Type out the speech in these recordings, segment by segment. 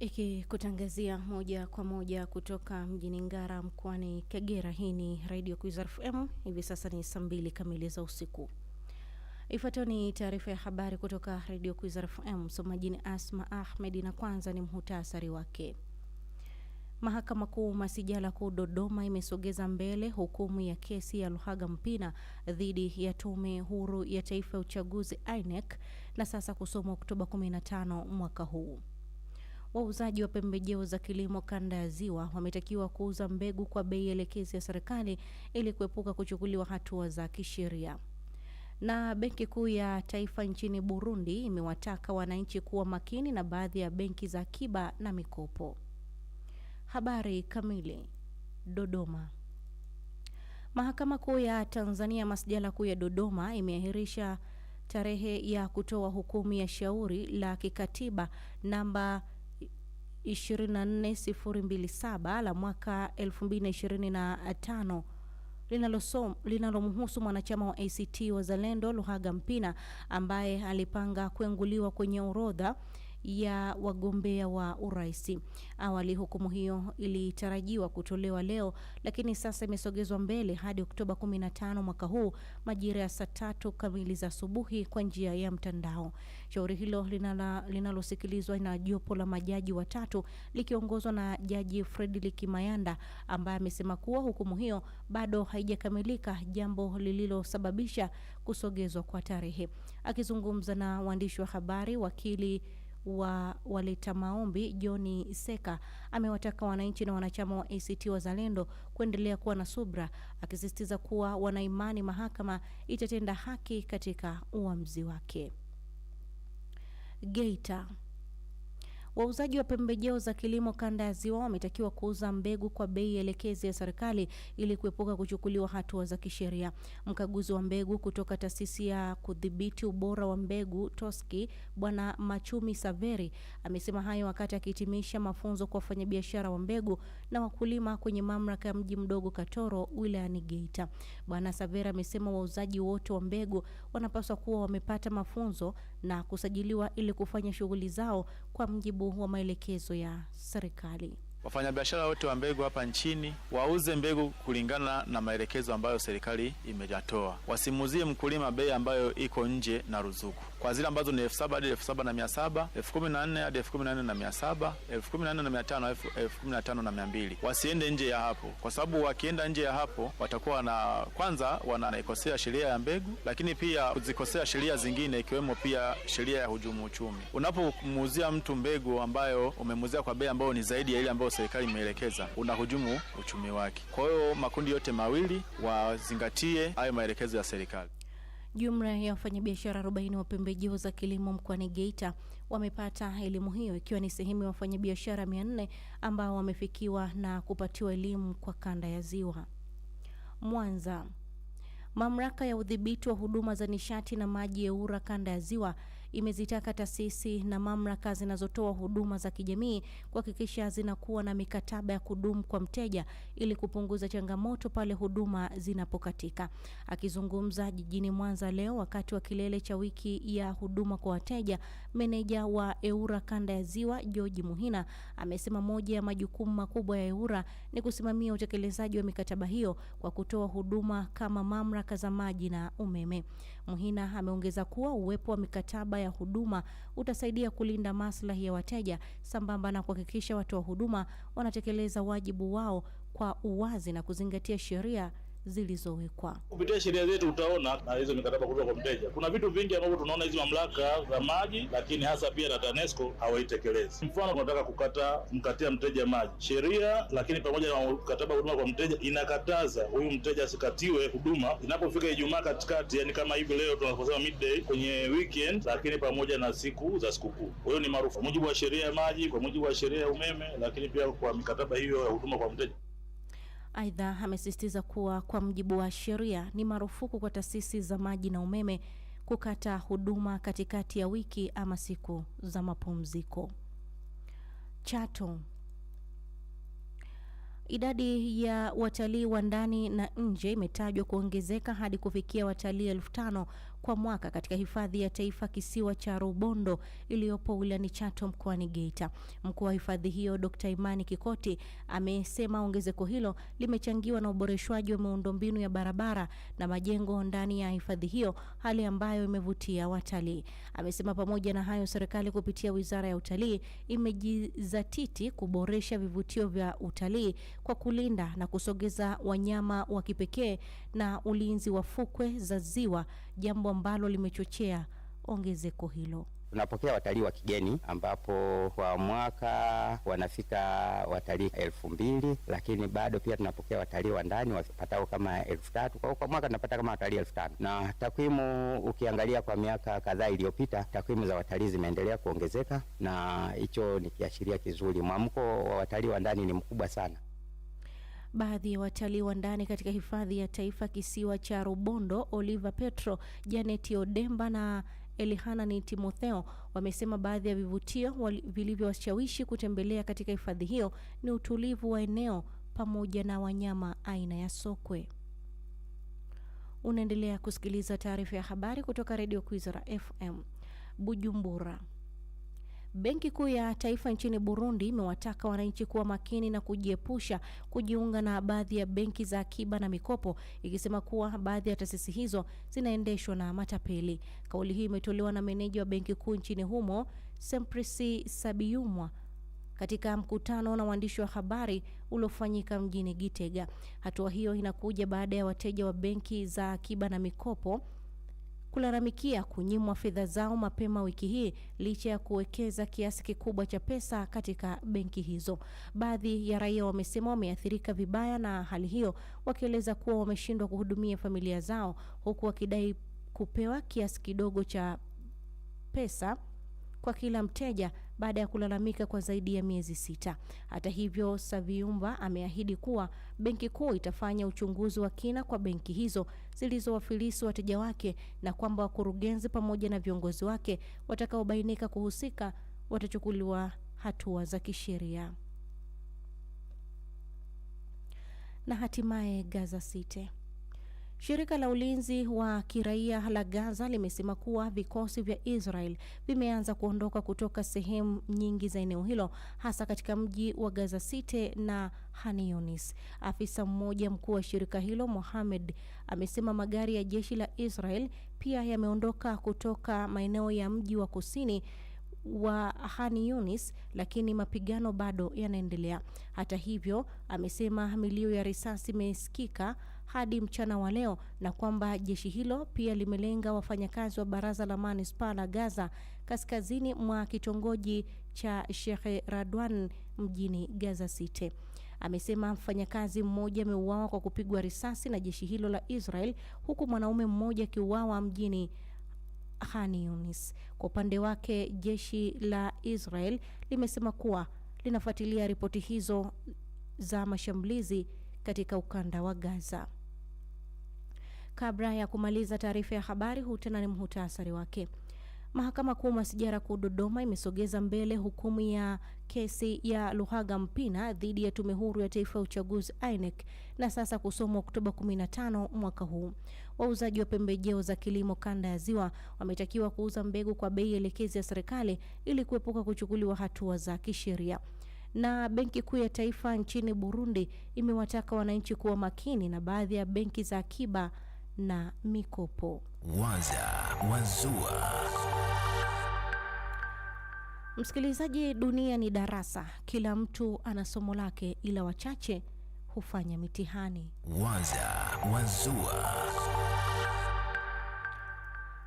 Ikikutangazia moja kwa moja kutoka mjini Ngara mkoani Kagera. Hii ni Radio Kwizera FM. Hivi sasa ni saa mbili kamili za usiku. Ifuatayo ni taarifa ya habari kutoka Radio Kwizera FM. Msomaji ni Asma Ahmed na kwanza ni mhutasari wake. Mahakama Kuu masijala kuu Dodoma imesogeza mbele hukumu ya kesi ya Luhaga Mpina dhidi ya Tume Huru ya Taifa ya Uchaguzi INEC na sasa kusomwa Oktoba 15 mwaka huu. Wauzaji wa pembejeo za kilimo kanda ya Ziwa wametakiwa kuuza mbegu kwa bei elekezi ya serikali ili kuepuka kuchukuliwa hatua za kisheria. Na Benki Kuu ya Taifa nchini Burundi imewataka wananchi kuwa makini na baadhi ya benki za akiba na mikopo. Habari kamili. Dodoma. Mahakama Kuu ya Tanzania Masjala Kuu ya Dodoma imeahirisha tarehe ya kutoa hukumu ya shauri la kikatiba namba 24027 la mwaka 2025 linalomhusu mwanachama wa ACT Wazalendo Luhaga Mpina ambaye alipanga kuenguliwa kwenye orodha ya wagombea wa urais. Awali hukumu hiyo ilitarajiwa kutolewa leo, lakini sasa imesogezwa mbele hadi Oktoba 15 mwaka huu majira ya saa tatu kamili za asubuhi kwa njia ya mtandao. Shauri hilo linalosikilizwa linalo na jopo la majaji watatu likiongozwa na Jaji Fredrick Mayanda ambaye amesema kuwa hukumu hiyo bado haijakamilika, jambo lililosababisha kusogezwa kwa tarehe. Akizungumza na waandishi wa habari, wakili wa waleta maombi John Seka amewataka wananchi na wanachama wa ACT Wazalendo kuendelea kuwa na subra, akisisitiza kuwa wanaimani mahakama itatenda haki katika uamuzi wake. Geita Wauzaji wa pembejeo za kilimo kanda ya Ziwa wametakiwa kuuza mbegu kwa bei elekezi ya serikali ili kuepuka kuchukuliwa hatua za kisheria. Mkaguzi wa mbegu kutoka taasisi ya kudhibiti ubora wa mbegu toski Bwana Machumi Saveri amesema hayo wakati akihitimisha mafunzo kwa wafanyabiashara wa mbegu na wakulima kwenye mamlaka ya mji mdogo Katoro wilayani Geita. Bwana Saveri amesema wauzaji wote wa mbegu wanapaswa kuwa wamepata mafunzo na kusajiliwa ili kufanya shughuli zao kwa mjibu wa maelekezo ya serikali. Wafanyabiashara wote wa mbegu hapa nchini wauze mbegu kulingana na maelekezo ambayo serikali imeyatoa, wasimuzie mkulima bei ambayo iko nje na ruzuku kwa zile ambazo ni elfu saba hadi elfu saba na mia saba elfu kumi na nne hadi elfu kumi na nne na mia saba elfu kumi na nne na mia tano elfu kumi na tano na mia mbili Wasiende nje ya hapo, kwa sababu wakienda nje ya hapo watakuwa na kwanza wanaikosea sheria ya mbegu, lakini pia kuzikosea sheria zingine ikiwemo pia sheria ya hujumu uchumi. Unapomuuzia mtu mbegu ambayo umemuuzia kwa bei ambayo ni zaidi ya ile ambayo serikali imeelekeza, unahujumu uchumi wake. Kwa hiyo makundi yote mawili wazingatie hayo maelekezo ya serikali. Jumla ya wafanyabiashara 40 wa pembejeo za kilimo mkoani Geita wamepata elimu hiyo ikiwa ni sehemu ya wafanyabiashara 400 ambao wamefikiwa na kupatiwa elimu kwa kanda ya Ziwa. Mwanza. Mamlaka ya udhibiti wa huduma za nishati na maji EWURA kanda ya Ziwa imezitaka taasisi na mamlaka zinazotoa huduma za kijamii kuhakikisha zinakuwa na mikataba ya kudumu kwa mteja ili kupunguza changamoto pale huduma zinapokatika. Akizungumza jijini Mwanza leo wakati wa kilele cha wiki ya huduma kwa wateja, meneja wa EWURA kanda ya Ziwa George Muhina amesema moja ya majukumu makubwa ya EWURA ni kusimamia utekelezaji wa mikataba hiyo kwa kutoa huduma kama mamlaka za maji na umeme. Muhina ameongeza kuwa uwepo wa mikataba ya huduma utasaidia kulinda maslahi ya wateja sambamba na kuhakikisha watoa huduma wanatekeleza wajibu wao kwa uwazi na kuzingatia sheria zilizowekwa. Kupitia sheria zetu utaona na hizo mikataba kutoka kwa mteja, kuna vitu vingi ambavyo tunaona hizi mamlaka za maji, lakini hasa pia na TANESCO hawaitekelezi. Mfano, tunataka kukata mkatia mteja maji, sheria lakini pamoja na mkataba huduma kwa mteja inakataza huyu mteja asikatiwe huduma inapofika Ijumaa katikati, yani kama hivi leo tunaposema midday kwenye weekend, lakini pamoja na siku za sikukuu. Huyo ni maarufu kwa mujibu wa sheria ya maji, kwa mujibu wa sheria ya umeme, lakini pia kwa mikataba hiyo ya huduma kwa mteja. Aidha, amesisitiza kuwa kwa mujibu wa sheria ni marufuku kwa taasisi za maji na umeme kukata huduma katikati ya wiki ama siku za mapumziko. Chato, idadi ya watalii wa ndani na nje imetajwa kuongezeka hadi kufikia watalii elfu tano kwa mwaka katika hifadhi ya taifa kisiwa cha Rubondo iliyopo wilayani Chato mkoani Geita. Mkuu wa hifadhi hiyo Dkt. Imani Kikoti amesema ongezeko hilo limechangiwa na uboreshwaji wa miundombinu ya barabara na majengo ndani ya hifadhi hiyo, hali ambayo imevutia watalii. Amesema pamoja na hayo, serikali kupitia Wizara ya Utalii imejizatiti kuboresha vivutio vya utalii kwa kulinda na kusogeza wanyama wa kipekee na ulinzi wa fukwe za ziwa, jambo jambo ambalo limechochea ongezeko hilo. Tunapokea watalii wa kigeni ambapo kwa mwaka wanafika watalii elfu mbili lakini bado pia tunapokea watalii wa ndani wapatao kama elfu tatu Kwa kwa mwaka tunapata kama watalii elfu tano na takwimu ukiangalia kwa miaka kadhaa iliyopita, takwimu za watalii zimeendelea kuongezeka, na hicho ni kiashiria kizuri. Mwamko wa watalii wa ndani ni mkubwa sana. Baadhi ya watalii wa ndani katika hifadhi ya taifa kisiwa cha Rubondo, Oliver Petro, Janet Odemba na Elihanani Timotheo wamesema baadhi ya vivutio vilivyowashawishi kutembelea katika hifadhi hiyo ni utulivu wa eneo pamoja na wanyama aina ya sokwe. Unaendelea kusikiliza taarifa ya habari kutoka redio Kwizera FM Bujumbura. Benki Kuu ya Taifa nchini Burundi imewataka wananchi kuwa makini na kujiepusha kujiunga na baadhi ya benki za akiba na mikopo, ikisema kuwa baadhi ya taasisi hizo zinaendeshwa na matapeli. Kauli hii imetolewa na meneja wa Benki Kuu nchini humo Semprisi Sabiyumwa katika mkutano na waandishi wa habari uliofanyika mjini Gitega. Hatua hiyo inakuja baada ya wateja wa benki za akiba na mikopo kulalamikia kunyimwa fedha zao mapema wiki hii licha ya kuwekeza kiasi kikubwa cha pesa katika benki hizo. Baadhi ya raia wamesema wameathirika vibaya na hali hiyo, wakieleza kuwa wameshindwa kuhudumia familia zao huku wakidai kupewa kiasi kidogo cha pesa kwa kila mteja baada ya kulalamika kwa zaidi ya miezi sita. Hata hivyo, Saviumba ameahidi kuwa benki kuu itafanya uchunguzi wa kina kwa benki hizo zilizowafilisi wateja wake na kwamba wakurugenzi pamoja na viongozi wake watakaobainika kuhusika watachukuliwa hatua za kisheria. Na hatimaye Gaza City Shirika la ulinzi wa kiraia la Gaza limesema kuwa vikosi vya Israel vimeanza kuondoka kutoka sehemu nyingi za eneo hilo hasa katika mji wa Gaza City na Khan Afisa mmoja mkuu wa shirika hilo, Mohamed, amesema magari ya jeshi la Israel pia yameondoka kutoka maeneo ya mji wa kusini wa Khan lakini mapigano bado yanaendelea. Hata hivyo, amesema milio ya risasi imesikika hadi mchana wa leo na kwamba jeshi hilo pia limelenga wafanyakazi wa baraza la manispaa la Gaza kaskazini mwa kitongoji cha Sheikh Radwan mjini Gaza City. Amesema mfanyakazi mmoja ameuawa kwa kupigwa risasi na jeshi hilo la Israel huku mwanaume mmoja akiuawa mjini Khan Yunis. Kwa upande wake, jeshi la Israel limesema kuwa linafuatilia ripoti hizo za mashambulizi katika ukanda wa Gaza. Kabla ya kumaliza taarifa ya habari, hutena ni muhtasari wake. Mahakama Kuu Masijara Kuu Dodoma imesogeza mbele hukumu ya kesi ya Luhaga Mpina dhidi ya Tume Huru ya Taifa ya Uchaguzi INEC na sasa kusomwa Oktoba 15 mwaka huu. Wauzaji wa pembejeo za kilimo kanda ya Ziwa wametakiwa kuuza mbegu kwa bei elekezi ya serikali ili kuepuka kuchukuliwa hatua za kisheria na Benki Kuu ya Taifa nchini Burundi imewataka wananchi kuwa makini na baadhi ya benki za akiba na mikopo. Waza Wazua. Msikilizaji, dunia ni darasa, kila mtu ana somo lake, ila wachache hufanya mitihani. Waza Wazua.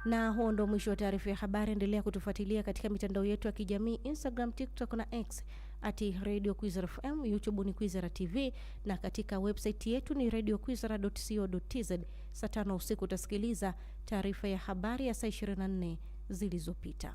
Na huo ndo mwisho wa taarifa ya habari. Endelea kutufuatilia katika mitandao yetu ya kijamii Instagram, TikTok na X ati Radio Kwizera FM, YouTube ni Kwizera TV na katika website yetu ni radiokwizera.co.tz. Saa tano usiku utasikiliza taarifa ya habari ya saa 24 zilizopita.